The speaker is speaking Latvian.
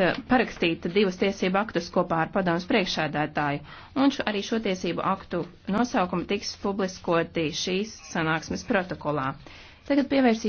Eh, parakstīt divus tiesību aktus kopā ar padomus priekšādātāju, un šo, arī šo tiesību aktu nosaukumi tiks publiskoti šīs sanāksmes protokolā. Tagad pievērsīsim.